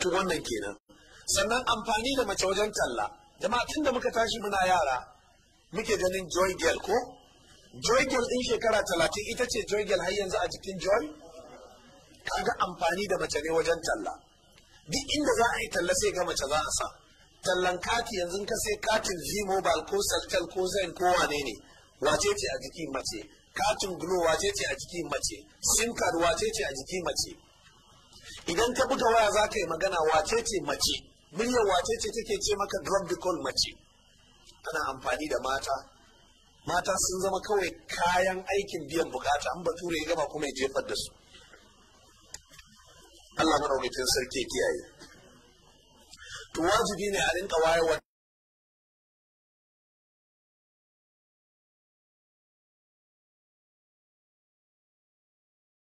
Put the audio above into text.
to wannan kenan sannan amfani da mace wajen talla jama'a tun da muka tashi muna yara muke ganin joy girl ko joy girl din shekara talatin ita ce joy girl har yanzu a jikin joy kaga amfani da mace ne wajen talla duk inda za a yi talla sai ga mace za a sa tallan kati yanzu ka sai katin g-mobile ko celtel ko zen ko wane ne wace ce a jikin mace katin glow wace ce a jikin mace sim card wace ce a jikin mace idan ka buga waya za ka yi magana wace ce mace muryar wace ce take ce maka drop the call mace ana amfani da mata mata sun zama kawai kayan aikin biyan bukata an bature ya gama kuma ya jefar da su Allah wajen sarki kiyaye to wajibi ne a rinka wayarwa